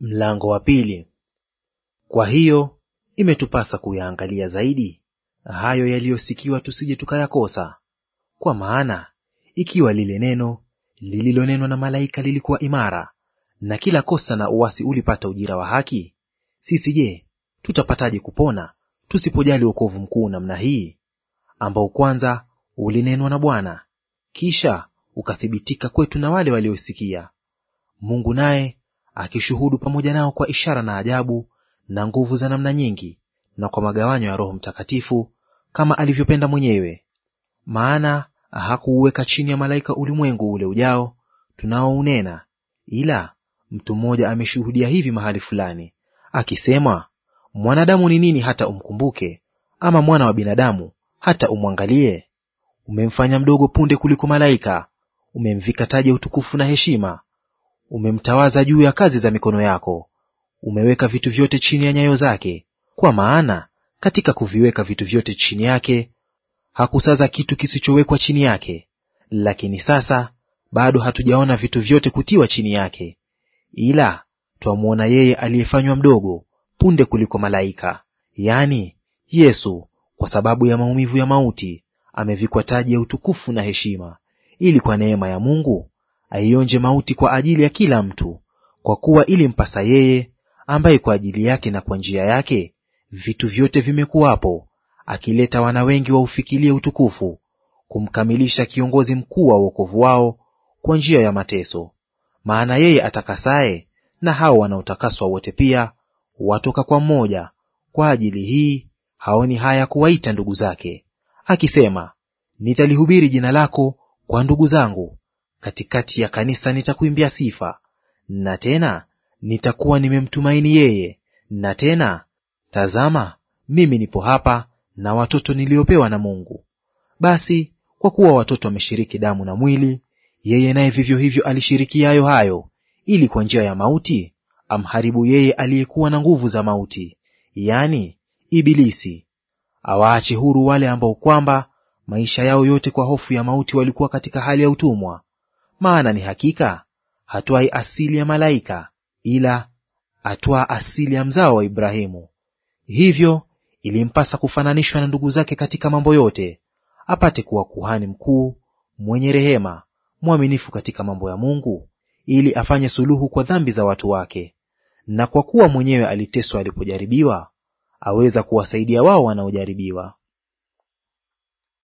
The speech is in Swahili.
Mlango wa pili. Kwa hiyo imetupasa kuyaangalia zaidi hayo yaliyosikiwa, tusije tukayakosa. Kwa maana ikiwa lile neno lililonenwa na malaika lilikuwa imara, na kila kosa na uasi ulipata ujira wa haki, sisi je, tutapataje kupona tusipojali wokovu mkuu namna hii, ambao kwanza ulinenwa na Bwana, kisha ukathibitika kwetu na wale waliosikia? Mungu naye akishuhudu pamoja nao kwa ishara na ajabu na nguvu za namna nyingi, na kwa magawanyo ya Roho Mtakatifu kama alivyopenda mwenyewe. Maana hakuuweka chini ya malaika ulimwengu ule ujao tunaounena, ila mtu mmoja ameshuhudia hivi mahali fulani akisema, mwanadamu ni nini hata umkumbuke, ama mwana wa binadamu hata umwangalie? Umemfanya mdogo punde kuliko malaika, umemvika taji ya utukufu na heshima, Umemtawaza juu ya kazi za mikono yako, umeweka vitu vyote chini ya nyayo zake. Kwa maana katika kuviweka vitu vyote chini yake hakusaza kitu kisichowekwa chini yake. Lakini sasa bado hatujaona vitu vyote kutiwa chini yake, ila twamwona yeye aliyefanywa mdogo punde kuliko malaika, yaani Yesu, kwa sababu ya maumivu ya mauti, amevikwa taji ya utukufu na heshima, ili kwa neema ya Mungu aionje mauti kwa ajili ya kila mtu, kwa kuwa ilimpasa yeye, ambaye kwa ajili yake na kwa njia yake vitu vyote vimekuwapo, akileta wana wengi waufikilie utukufu, kumkamilisha kiongozi mkuu wa wokovu wao kwa njia ya mateso. Maana yeye atakasaye na hao wanaotakaswa wote pia watoka kwa mmoja; kwa ajili hii haoni haya kuwaita ndugu zake, akisema, nitalihubiri jina lako kwa ndugu zangu katikati ya kanisa nitakuimbia sifa, na tena nitakuwa nimemtumaini yeye. Na tena tazama, mimi nipo hapa na watoto niliopewa na Mungu. Basi kwa kuwa watoto wameshiriki damu na mwili, yeye naye vivyo hivyo alishirikiayo hayo, ili kwa njia ya mauti amharibu yeye aliyekuwa na nguvu za mauti, yani Ibilisi, awaache huru wale ambao kwamba maisha yao yote kwa hofu ya mauti walikuwa katika hali ya utumwa, maana ni hakika hatwai asili ya malaika, ila atwaa asili ya mzao wa Ibrahimu. Hivyo ilimpasa kufananishwa na ndugu zake katika mambo yote, apate kuwa kuhani mkuu mwenye rehema, mwaminifu katika mambo ya Mungu, ili afanye suluhu kwa dhambi za watu wake. Na kwa kuwa mwenyewe aliteswa alipojaribiwa, aweza kuwasaidia wao wanaojaribiwa.